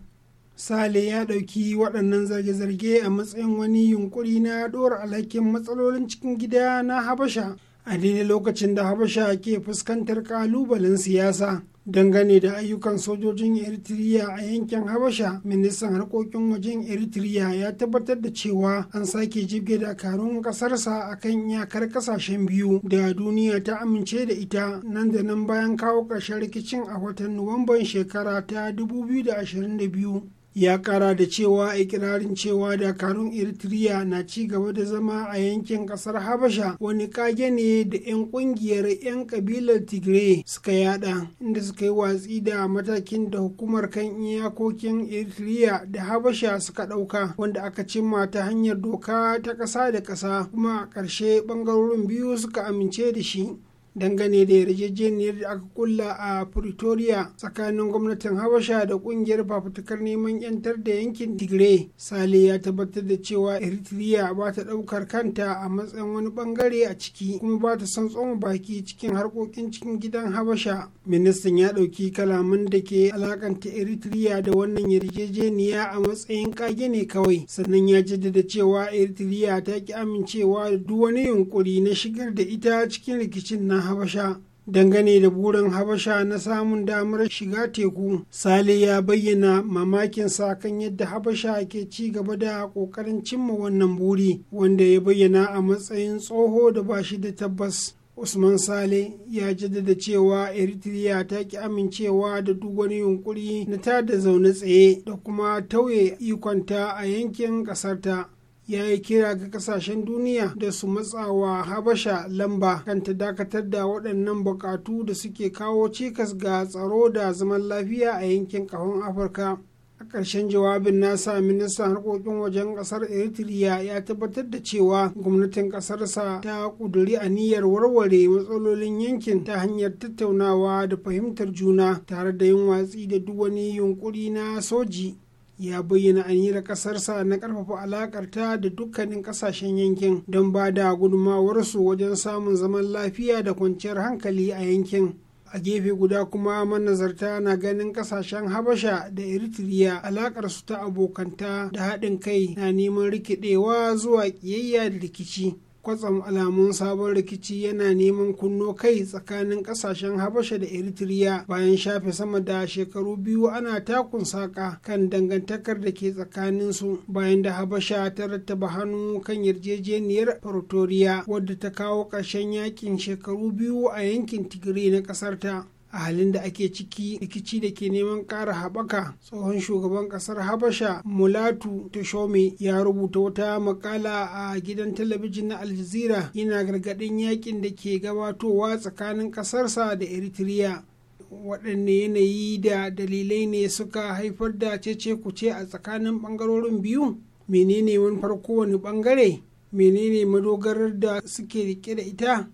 sale ya ɗauki waɗannan zarge-zarge a matsayin wani yunkuri na ɗora alhakin matsalolin cikin gida na habasha a daidai lokacin da habasha ke fuskantar kalubalen siyasa dangane da ayyukan sojojin eritrea a yankin habasha ministan harkokin wajen eritrea ya tabbatar da cewa an sake jibge dakarun ƙasarsa a kan iyakar kasashen biyu da duniya ta amince da ita nan da nan bayan kawo ƙarshen rikicin a watan nuwamban shekara ta 2022 ya kara da cewa ikirarin cewa dakarun eritrea na ci gaba da zama a yankin kasar habasha wani kage ne da 'yan kungiyar 'yan kabilar tigray suka yada inda suka yi watsi da matakin da hukumar kan iyakokin eritrea da habasha suka dauka wanda aka cimma ta hanyar doka ta kasa da kasa kuma a ƙarshe bangarorin biyu suka amince da shi dangane da yarjejeniyar da aka kulla a pretoria tsakanin gwamnatin habasha da kungiyar fafutukar neman yantar da yankin tigray sale ya tabbatar da cewa eritrea ba ta daukar kanta a matsayin wani bangare a ciki kuma ba ta son tsoma baki cikin harkokin cikin gidan habasha ministan ya dauki kalaman da ke alakanta eritrea da wannan yarjejeniya a matsayin kage ne kawai sannan ya jaddada cewa eritrea ta ki amincewa da duk wani yunkuri na shigar da ita cikin rikicin na habasha dangane da burin habasha na samun damar shiga teku sale ya bayyana mamakinsa kan yadda habasha ke ci gaba da ƙoƙarin cimma wannan buri wanda ya bayyana a matsayin tsoho da ba shi da tabbas usman sale ya jaddada cewa eritrea ta ki amincewa da duk wani yunkuri na da zaune tsaye da kuma tauye ikonta a yankin ƙasarta ya yi kira ga kasashen duniya da su matsawa habasha lamba kan ta dakatar da waɗannan buƙatu da suke kawo cikas ga tsaro da zaman lafiya a yankin ƙahon afirka a ƙarshen jawabin nasa ministan harkokin wajen ƙasar eritrea ya tabbatar da cewa gwamnatin ƙasarsa ta ƙuduri aniyar warware matsalolin yankin ta hanyar tattaunawa da fahimtar juna tare da yin watsi da duk wani yunƙuri na soji ya bayyana aniyar ƙasarsa na ƙarfafa alaƙarta da dukkanin ƙasashen yankin don ba da gudunmawarsu wajen samun zaman lafiya da kwanciyar hankali a yankin a gefe guda kuma manazarta na ganin ƙasashen habasha da eritrea alaƙarsu ta abokanta da haɗin kai na neman rikidewa zuwa ƙiyayya da rikici kwatsam alamun sabon rikici yana neman kunno kai tsakanin kasashen habasha da eritrea bayan shafe sama da shekaru biyu ana takun saka kan dangantakar da ke tsakanin su bayan da habasha ta rattaba hannu kan yarjejeniyar pretoria wadda ta kawo ƙarshen yakin shekaru biyu a yankin tigiri na ƙasarta a halin da ake ciki rikici da ke neman ƙara haɓaka tsohon shugaban ƙasar habasha mulatu tashome ya rubuta wata makala a gidan talabijin na aljazira yana gargaɗin yakin da ke gabatowa tsakanin ƙasarsa da eritrea waɗanne yanayi da dalilai ne suka haifar da cece kuce a tsakanin ɓangarorin biyu menene wani farko wani ɓangare menene madogarar da suke rike da ita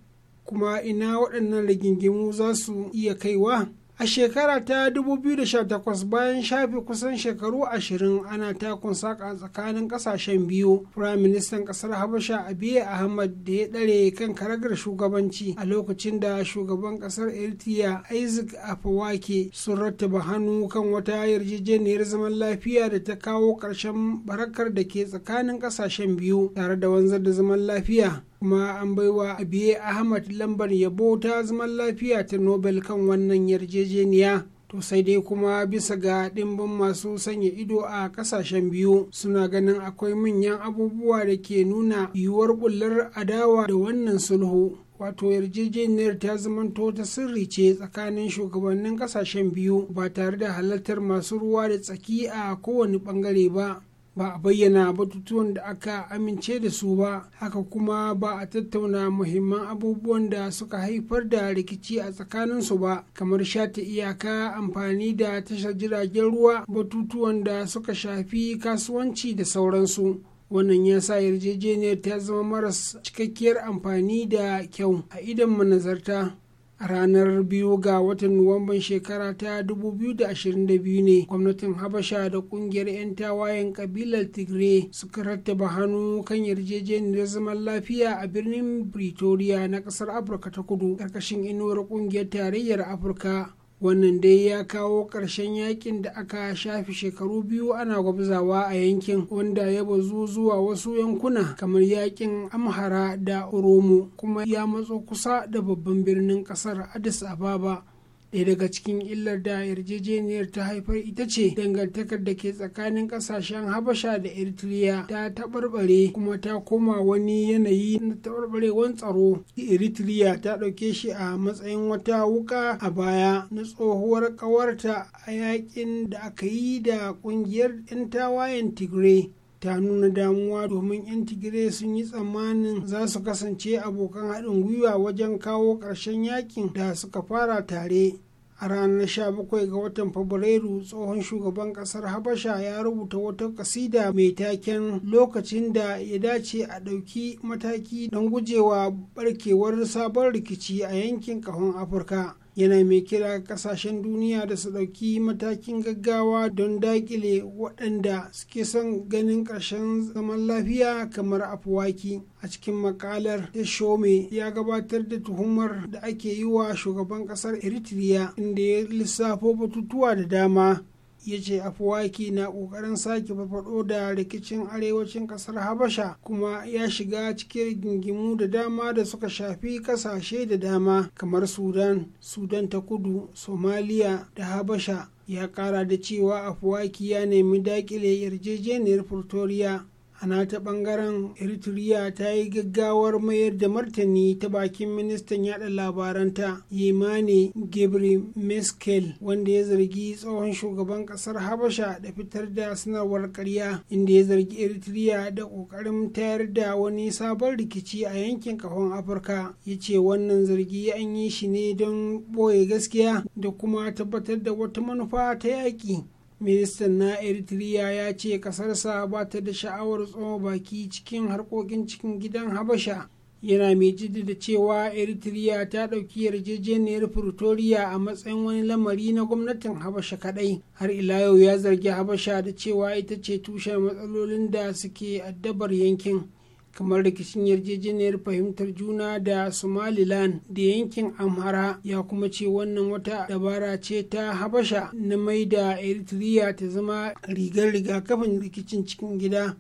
kuma ina waɗannan rigingimu za su iya kaiwa a shekara ta 2018 bayan shafe kusan shekaru 20 ana takun saka tsakanin ƙasashen biyu Firayim ministan ƙasar habasha abiy ahmad da ya ɗare kan karagar shugabanci a lokacin da shugaban ƙasar eritrea isaac afawake sun rattaba hannu kan wata yarjejeniyar zaman lafiya da ta kawo ƙarshen barakar da ke tsakanin ƙasashen biyu tare da wanzar da zaman lafiya kuma an baiwa abiye ahmad lambar yabo ta zaman lafiya ta nobel kan wannan yarjejeniya to sai dai kuma bisa ga ɗimbin masu sanya ido a ƙasashen biyu suna ganin akwai manyan abubuwa da ke nuna yiwuwar bullar adawa da wannan sulhu wato yarjejeniyar ta zamanto ta sirri ce tsakanin shugabannin ƙasashen biyu ba tare da halartar masu ruwa da tsaki a kowane ɓangare ba ba a bayyana batutuwan da aka amince da su ba haka kuma ba a tattauna muhimman abubuwan da suka haifar da rikici a tsakaninsu ba kamar shata iyaka amfani da tashar jiragen ruwa batutuwan da suka shafi kasuwanci da sauransu wannan ya sa yarjejeniyar ta zama maras cikakkiyar amfani da kyau a idan manazarta a ranar biyu ga watan nuwamban shekara ta 2022 ne gwamnatin habasha da kungiyar 'yan tawayen kabilar tigray suka rattaba hannu kan yarjejeniyar zaman lafiya a birnin pretoria na kasar afirka ta kudu karkashin inuwar kungiyar tarayyar afirka wannan dai ya kawo ƙarshen yakin da aka shafi shekaru biyu ana gwabzawa a yankin wanda ya bazu zuwa wasu yankuna kamar yakin amhara da oromo kuma ya matso kusa da babban birnin ƙasar addis ababa ɗaya daga cikin illar da yarjejeniyar ta haifar ita ce dangantakar da ke tsakanin ƙasashen habasha da eritrea ta taɓarɓare kuma ta koma wani yanayi na taɓarɓarewan tsaro eritrea ta ɗauke shi a matsayin wata wuka a baya na tsohuwar ƙawarta a yakin da aka yi da ƙungiyar 'yan tawayen tigray ta nuna damuwa domin yan sun yi tsammanin za su kasance abokan haɗin gwiwa wajen kawo ƙarshen yakin da suka fara tare a ranar 17 ga watan fabrairu tsohon shugaban ƙasar habasha ya rubuta wata kasida mai taken lokacin da ya dace a ɗauki mataki don gujewa barkewar sabon rikici a yankin ƙahon afirka yana mai kira kasashen duniya da su ɗauki matakin gaggawa don daƙile waɗanda suke son ganin ƙarshen zaman lafiya kamar afuwaki a cikin makalar ta shome ya gabatar da tuhumar da ake yi wa shugaban ƙasar eritrea inda ya lissafo batutuwa da dama ya ce afuwaki na kokarin sake farfado da rikicin arewacin kasar habasha kuma ya shiga cikin rigingimu da dama da suka shafi kasashe da dama kamar sudan sudan ta kudu somaliya da habasha ya kara da cewa afuwaki ya nemi dakile yarjejeniyar pretoria a nata bangaren eritrea ta yi gaggawar mayar da martani ta bakin ministan yada labaranta yemane gebre meskel wanda ya zargi tsohon shugaban kasar habasha da fitar da sanarwar karya inda ya zargi eritrea da kokarin tayar da wani sabon rikici a yankin kafin afirka ya ce wannan zargi an yi shi ne don boye gaskiya da kuma tabbatar da wata manufa ta yaƙi ministan na eritrea ya ce kasarsa ba ta da sha'awar tsoma baki cikin harkokin cikin gidan habasha yana mai da cewa eritrea ta ɗauki yarjejeniyar pretoria a matsayin wani lamari na gwamnatin habasha kaɗai har ila yau ya zargi habasha da cewa ita ce tushen matsalolin da suke addabar yankin kamar rikicin yarjejeniyar fahimtar juna da somaliland da yankin amhara ya kuma ce wannan wata dabara ce ta habasha na mai da eritrea ta zama rigar rigakafin rikicin cikin gida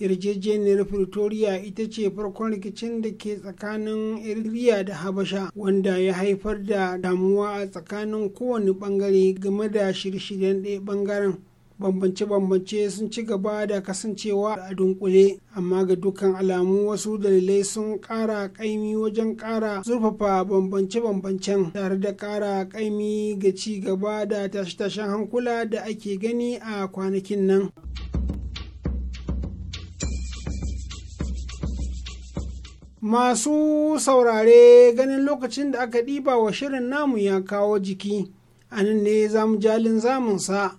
yarjejeniyar pretoria ita ce farkon rikicin da ke tsakanin eritrea da habasha wanda ya haifar da damuwa a tsakanin kowane bangare game da shirye-shiryen ɗaya bangaren bambance-bambance sun ci gaba da kasancewa a dunkule amma ga dukkan alamu wasu dalilai sun ƙara ƙaimi wajen ƙara zurfafa bambance-bambancen tare da ƙara ƙaimi ga ci gaba da tashe-tashen hankula da ake gani a kwanakin nan. Masu saurare ganin lokacin da aka ɗiba wa shirin namu ya kawo jiki, a nan ne zamu jalin zamunsa.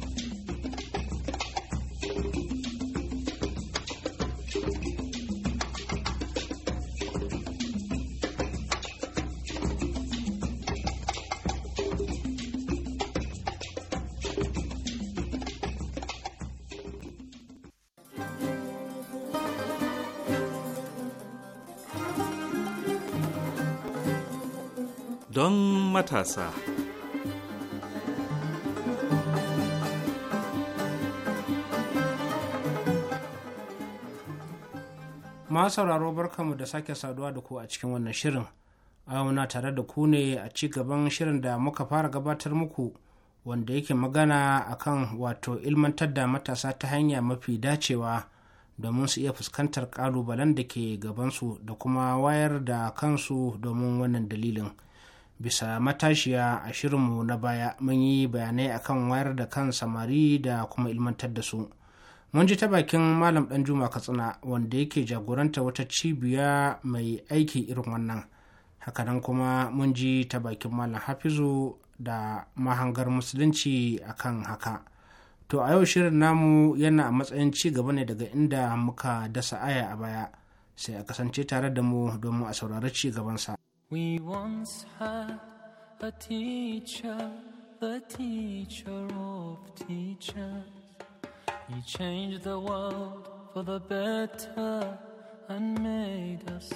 matasa. Ma sauraro barkamu da sake saduwa da ku a cikin wannan shirin. muna tare da ku ne a ci gaban shirin da muka fara gabatar muku wanda yake magana akan wato ilmantar da matasa ta hanya mafi dacewa domin su iya fuskantar kalubalen da ke gabansu da kuma wayar da kansu domin wannan dalilin. bisa matashiya a shirinmu na baya mun yi bayanai akan wayar da kan samari da kuma ilmantar da su mun ji ta bakin malam dan juma katsina wanda yake jagoranta wata cibiya mai aiki irin wannan hakanan kuma mun ji ta bakin malam hafizu da mahangar musulunci akan haka to a yau shirin namu yana a matsayin ci gaba ne daga inda muka dasa aya a baya sai a kasance tare da mu domin a saurari ci gabansa. We once had a teacher, the teacher of teachers. He changed the world for the better and made us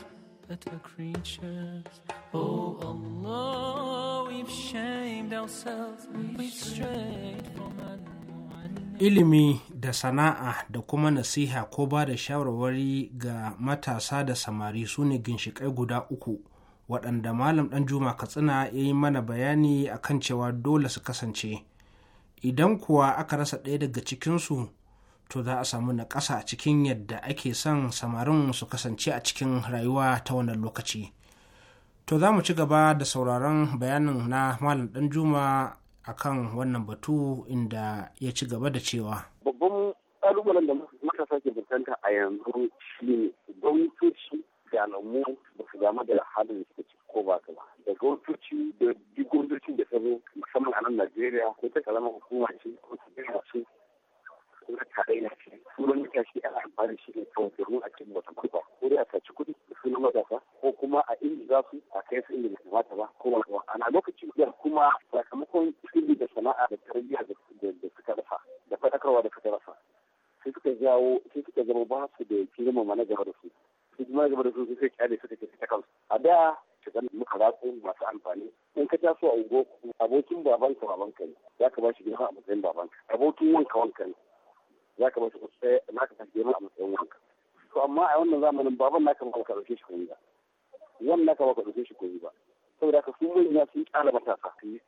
better creatures. Oh Allah, we've shamed ourselves, we've strayed from Ilimi da sana'a da kuma nasiha ko ba da shawarwari ga matasa da samari su ne ginshiƙai guda uku waɗanda malam ɗan juma katsina ya yi mana bayani a kan cewa dole su kasance idan kuwa aka rasa ɗaya daga cikinsu to za a samu na ƙasa a cikin yadda ake son samarin su kasance a cikin rayuwa ta wannan lokaci to za mu ci gaba da sauraron bayanin na malam ɗan juma a kan wannan batu inda ya ci gaba da cewa babban ƙalubalen da matasa sake a yanzu shine gwamnatoci da alamu game da halin da suka ci ko ba ka ba da gwamnatoci da duk gwamnatocin da ta zo musamman a nan najeriya ko ta kalamar hukuma ce ko ta gina ce ko ta tarayya ce sunan shi a amfani shi ne kawai domin a cikin wata kurba ko dai a saci kuɗi da sunan matasa ko kuma a inda za su a kai su inda ba kamata ba ko wani ba ana lokacin da kuma sakamakon ilimi da sana'a da tarbiyya da suka rasa da faɗakarwa da suka rasa sai suka jawo sai suka zama ba su da girmama na gaba da su su kuma da su sai kyale su take ta kansu a da shigan muka ratsu masu amfani in ka taso a ungo abokin babanka babanka ne za ka ba shi girma a matsayin babanka abokin wanka wanka ne za ka ba shi za ka ba girma a matsayin wanka to amma a wannan zamanin baban ba ka dauke shi ba ka dauke shi koyi ba saboda haka sun manya sun kyala matasa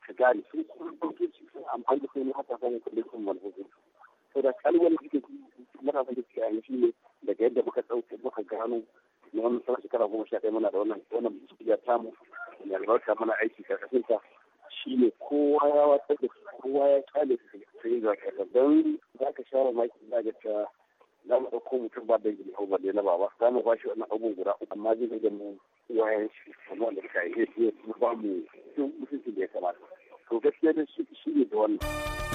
ka gane sun kuma dauke shi sun amfani da sun matasa ne kullum sun manufofin saboda kalwal da suke matasa da suke a ne daga yadda muka ɗauke muka gano na wannan sanar shekara goma sha ɗaya muna da wannan wannan biya tamu mai albarka mana aiki karkashin ta shi ne kowa ya watsar da kowa ya kyale su sai yi zakata don za ka sha maki za ka ta za mu ɗauko mutum ba da gini hauwa da na baba za mu ba shi wannan abun guda uku amma zai zai mu wayan shi kuma wanda ka yi zai ba mu mutuncin da ya kamata to gaskiya da shi ne da wannan.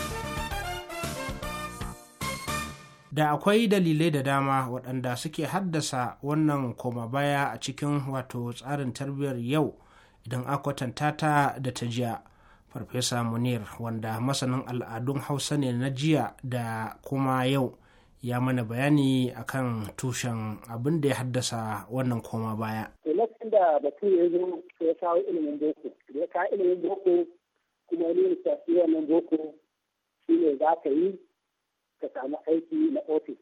da akwai dalilai da dama waɗanda suke haddasa wannan koma baya a cikin wato tsarin tarbiyyar yau idan akwatanta ta da ta jiya farfesa munir wanda masanin al'adun hausa ne na jiya da kuma yau ya mana bayani akan tushen abin da ya haddasa wannan koma baya lokacin da batun ya zo ya kawo ilimin boko ya kawo ilimin boko kuma ne ya tafi wannan boko shi ne za ka yi ka samu aiki na ofis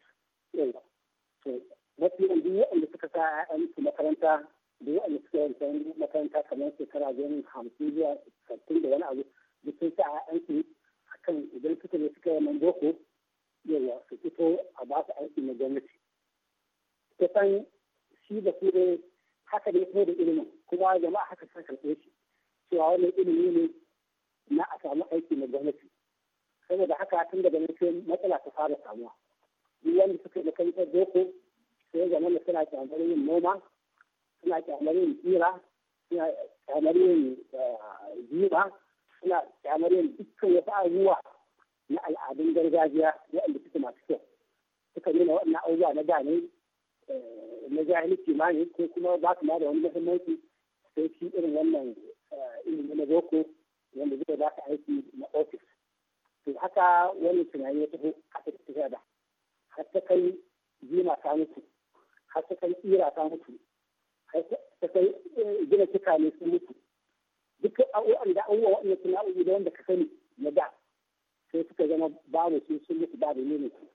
yawa to mafi yawan duk waɗanda suka sa ƴaƴansu makaranta duk waɗanda suka yi makaranta kamar shekara gani hamsin zuwa sattin da wani abu duk sun sa ƴaƴansu akan idan suka je suka yi boko yawa su fito a ba su aiki na gwamnati kusan shi da su dai haka ne ko da ilimin kuma jama'a haka suka karɓe shi cewa wannan ilimi ne na a samu aiki na gwamnati saboda haka tun daga nan sai matsala ta fara samuwa duk wanda suka yi makarantar boko sai zama da suna kyamar yin noma suna kyamar yin tsira suna kyamar yin jiba suna kyamar yin dukkan wasu abubuwa na al'adun gargajiya waɗanda suke masu kyau suka nuna waɗannan abubuwa na da ne na jahilci ma ne ko kuma ba su ma da wani muhimmanci sai shi irin wannan ilimin na boko wanda zai ba ka aiki na ofis to haka wani tunani ya taho a ta da har ta kai jima ta mutu har ta kai tsira ta mutu har ta kai eh, gina cika ne sun mutu duk abubuwan da abubuwa waɗanda suna da wanda ka sani na da sai suka zama babu su sun mutu babu ne mutu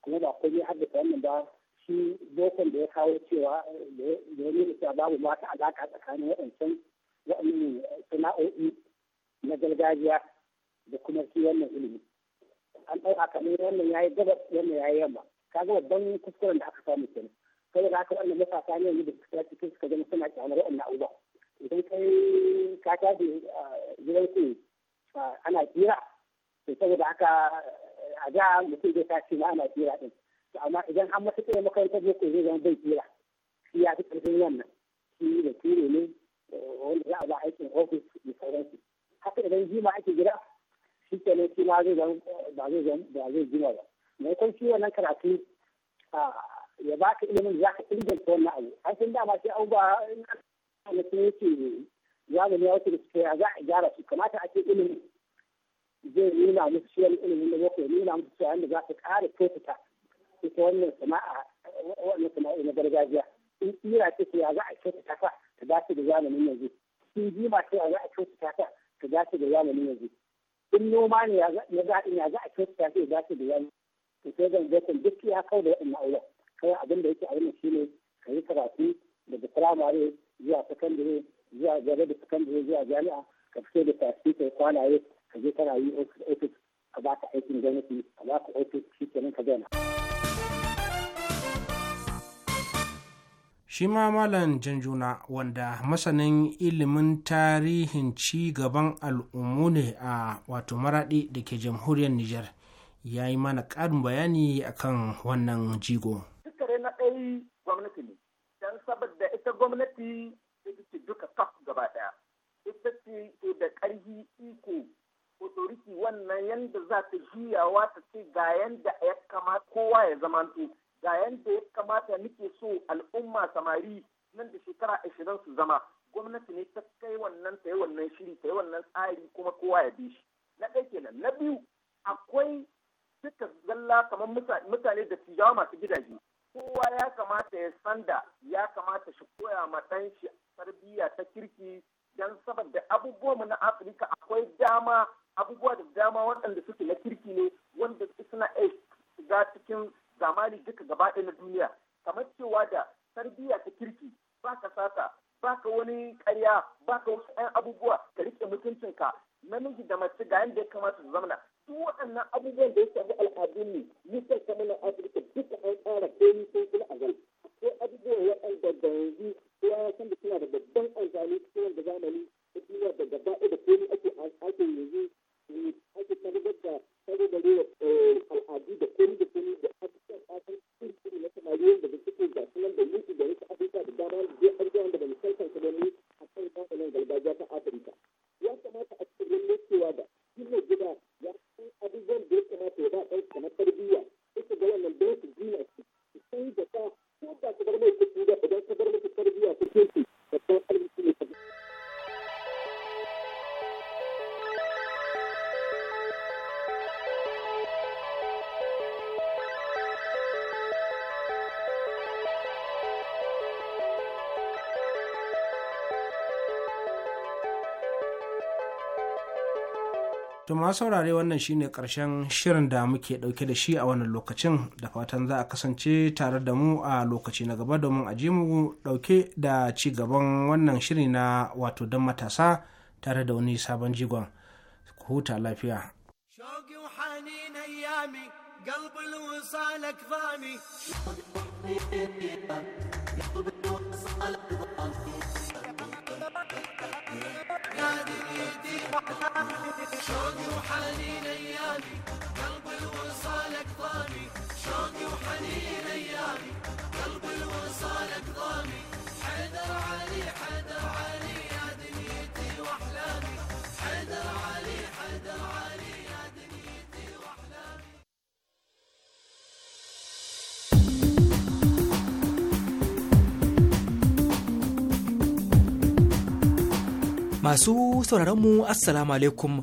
kuma ba komai da wannan ba shi bokon da ya kawo cewa da ya nuna cewa babu mata alaƙa tsakanin waɗancan waɗannan sana'o'i na gargajiya da kuma shi wannan ilimi an ɗauka kamar wannan ya yi gabas wannan ya yi yamma kaga babban kuskuren da aka samu kenan saboda haka wannan matasa ne yanzu da suka cikin suka zama suna kyamar waɗannan abubuwa idan kai ka tafi gidan ku ana jira to saboda haka a da mutum zai tashi ma ana jira din to amma idan an masa kira makarantar boko zai zama bai jira shi ya fi ƙarfin wannan shi da turo ne wanda za a ba aikin ofis da sauransu haka idan jima ake gida shi ke nan shi na zai zan ba zai zan ba zai jima ba mai kai shi wannan karatu ya ba ka ilimin za ka inganta wannan abu an san dama sai abubuwa na sun yake zamani ya wuce da suke za a gyara su kamata a ce ilimin zai nuna musu shi wani ilimin da boko nuna musu shi yadda za su ƙara kyautata ita wannan sana'a wannan sana'a na gargajiya in tsira ce ya za a kyautata ta ta dace da zamanin yanzu ji ma ce ya za a kyautata ta ta dace da zamanin yanzu in noma ne ya za in ya za a kyauta zai dace da yanzu to sai zan je kan duk ya kawo da wannan aure kai abin da yake shi shine ka yi karatu daga firamare zuwa sakandare zuwa gaba da sakandare zuwa jami'a ka fito da tafi kai kwanaye ka je kana yi ofis a ka ba ka aikin gwamnati ka ba ka ofis shi nan ka gana shi ma malam janjuna wanda masanin ilimin tarihin ci gaban al'ummu ne a wato maraɗi da ke jamhuriyar niger ya yi mana ƙarin bayani akan wannan jigo dukkare na ɗai gwamnati ne don saboda ita gwamnati ita ce duka kaf gaba ɗaya ita ce ke da ƙarfi iko otoriki wannan yanda za ta juyawa ta ce ga yanda ya kowa ya zamanto ga yadda ya kamata nake so al'umma samari nan da shekara ashirin su zama gwamnati ne ta kai wannan ta yi wannan shiri ta yi wannan tsari kuma kowa ya bi shi na ɗaya kenan na biyu akwai duka zalla kamar mutane da tijawa masu gidaje kowa ya kamata ya san da ya kamata shi koya ma ɗan shi tarbiyya ta kirki don saboda abubuwanmu na afirka akwai dama abubuwa da dama waɗanda suke na kirki ne wanda suna iya shiga cikin zamani duka gaba na duniya kamar cewa da tarbiyya ta kirki ba ka sata ba ka wani karya ba ka wasu ɗan abubuwa ka riƙe mutuncinka namiji da mace ga yadda ya kamata su zamana duk waɗannan abubuwan da ya shafi al'adun ne nisan na afirka duka an tsara komi sun kula a gal ko abubuwan ɗan da yanzu ko ya san da suna da babban amfani cikin da zamani ta duniya da gaba da komi ake ake yanzu eh, ake tabbatar da To ma saurare wannan shine karshen shirin da muke dauke da shi a wannan lokacin da fatan za a kasance tare da mu a lokaci na gaba domin a mu dauke da ci gaban wannan shiri na wato don matasa tare da wani sabon jigon huta lafiya. قلب شوقي وحنين ايامي قلبي وصالك ضامي شوقي وحنين ايامي قلبي وصالك ضامي حيدر علي حيدر علي يا دنيتي واحلامي حيدر علي حيدر علي يا دنيتي واحلامي Masu sauraronmu Assalamu alaikum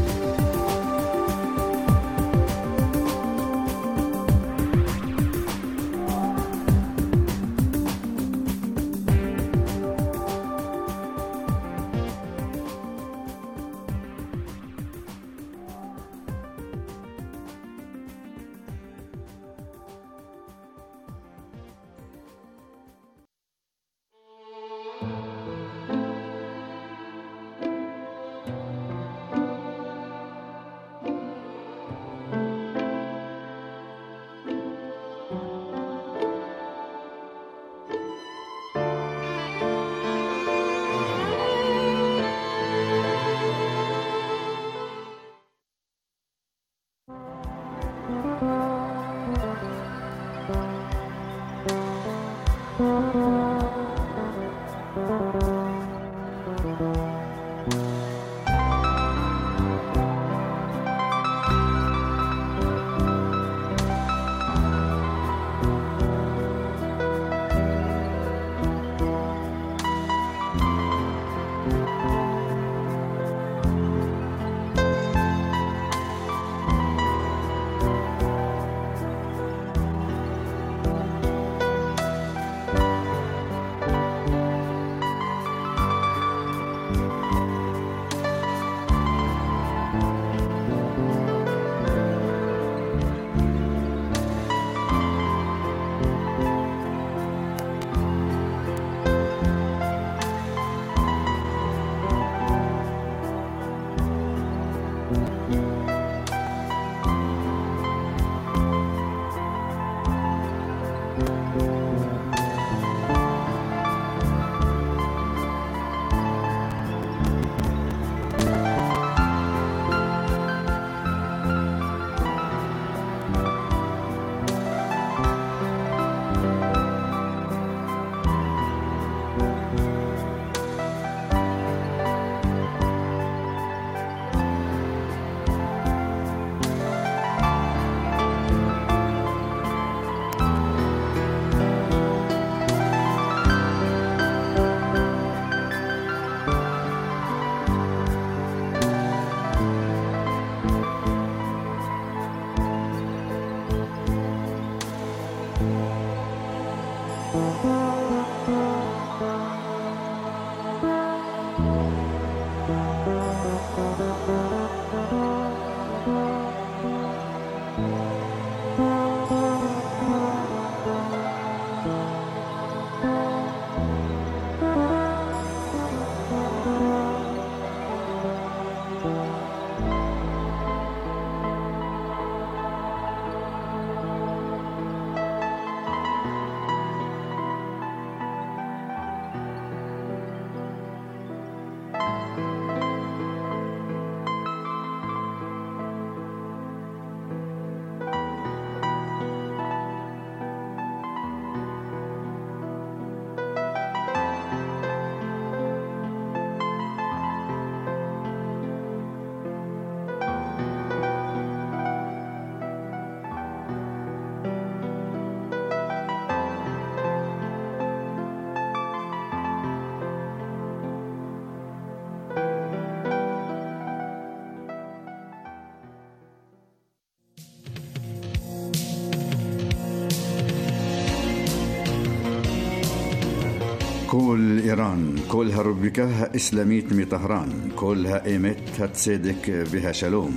كل إيران كل روبيكاها إسلاميت مي طهران كل ها إيمت هتصدق بها شلوم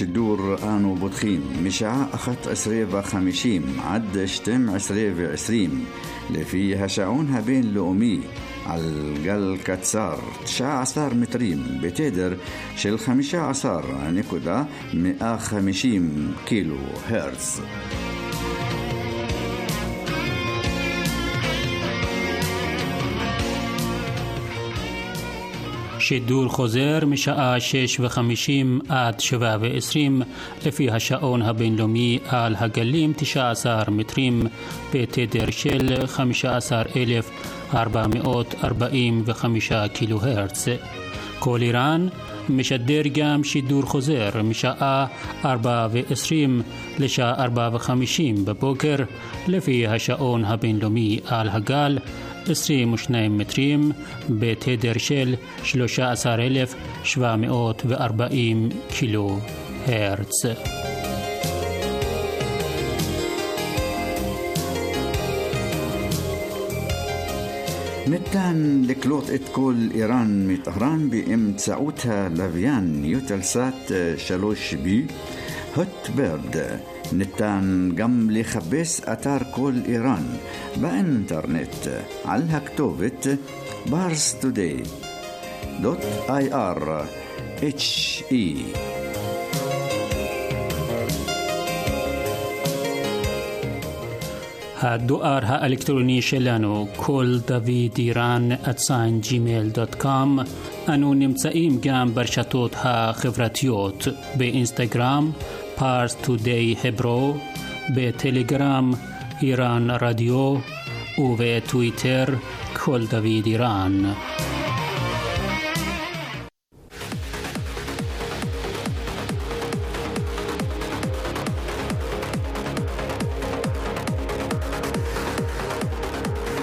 الدور آنو بطخين مشاع أخت عسرية خامشيم عد اشتم عسرية وعسريم لفيها هشعون بين لومي على كاتسار كتسار تشاع عصار متريم بتدر شل خمشة عصار نكودا مئة خمشيم كيلو هرتز השידור חוזר משעה שש וחמישים עד שבע ועשרים לפי השעון הבינלאומי על הגלים 19 מטרים בתדר של 15,445 קילו הרץ. כל איראן משדר גם שידור חוזר משעה ארבע ועשרים לשעה ארבע וחמישים בבוקר לפי השעון הבינלאומי על הגל اسری مشنایم متریم به تدرشل شلوشا و کیلو هرتز نتان لکلوت اتكول ایران من ام بإم لویان یوتل سات 3 بی هت بیرد نتان جم لخبس أتار كل إيران بإنترنت على هكتوبة بارس توداي دوت اي ار اتش اي هادو ار ها الكتروني شلانو كل دافيد ايران اتساين جيميل دوت كوم انو نمتسئيم جام برشاتوت ها خفراتيوت بانستغرام بي پارس تودی هبرو به تلگرام ایران رادیو و به توییتر کل دوید ایران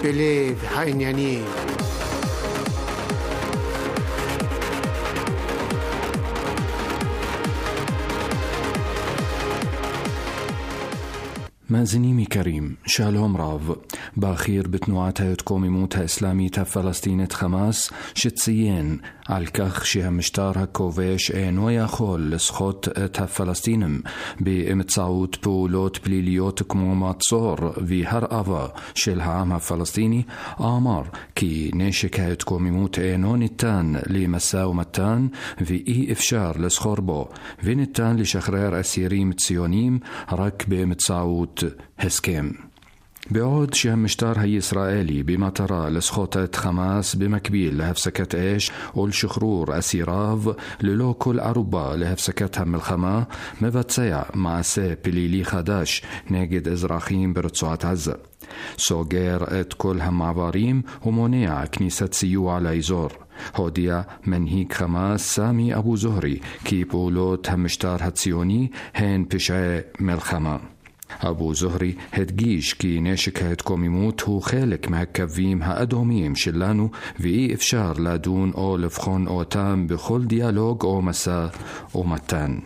بلیو هاینیانی מאזינים יקרים, שלום רב. בכיר בתנועת ההתקוממות האסלאמית הפלסטינית חמאס, שציין על כך שהמשטר הכובש אינו יכול לסחוט את הפלסטינים באמצעות פעולות פליליות כמו מצור והרעבה של העם הפלסטיני, אמר כי נשק ההתקוממות אינו ניתן למשא ומתן ואי אפשר לסחור בו, וניתן לשחרר אסירים ציונים רק באמצעות הסכם. بعود شهم مشتار هي إسرائيلي بمطرة لسخوطة خماس بمكبيل لهفسكة إيش والشخرور أسيراف للو كل عربة لهفسكة هم الخما مبتسيع مع سي بليلي خداش نجد إزراخيم برتسوات عزة سوغير ات كل هم عباريم ومنع كنيسة سيو على إيزور هوديا منهيك خماس سامي أبو زهري كي بولو تهمشتار هتسيوني هين بشعي ملخما אבו זוהרי הדגיש כי נשק ההתקוממות הוא חלק מהקווים האדומים שלנו ואי אפשר לדון או לבחון אותם בכל דיאלוג או משא ומתן.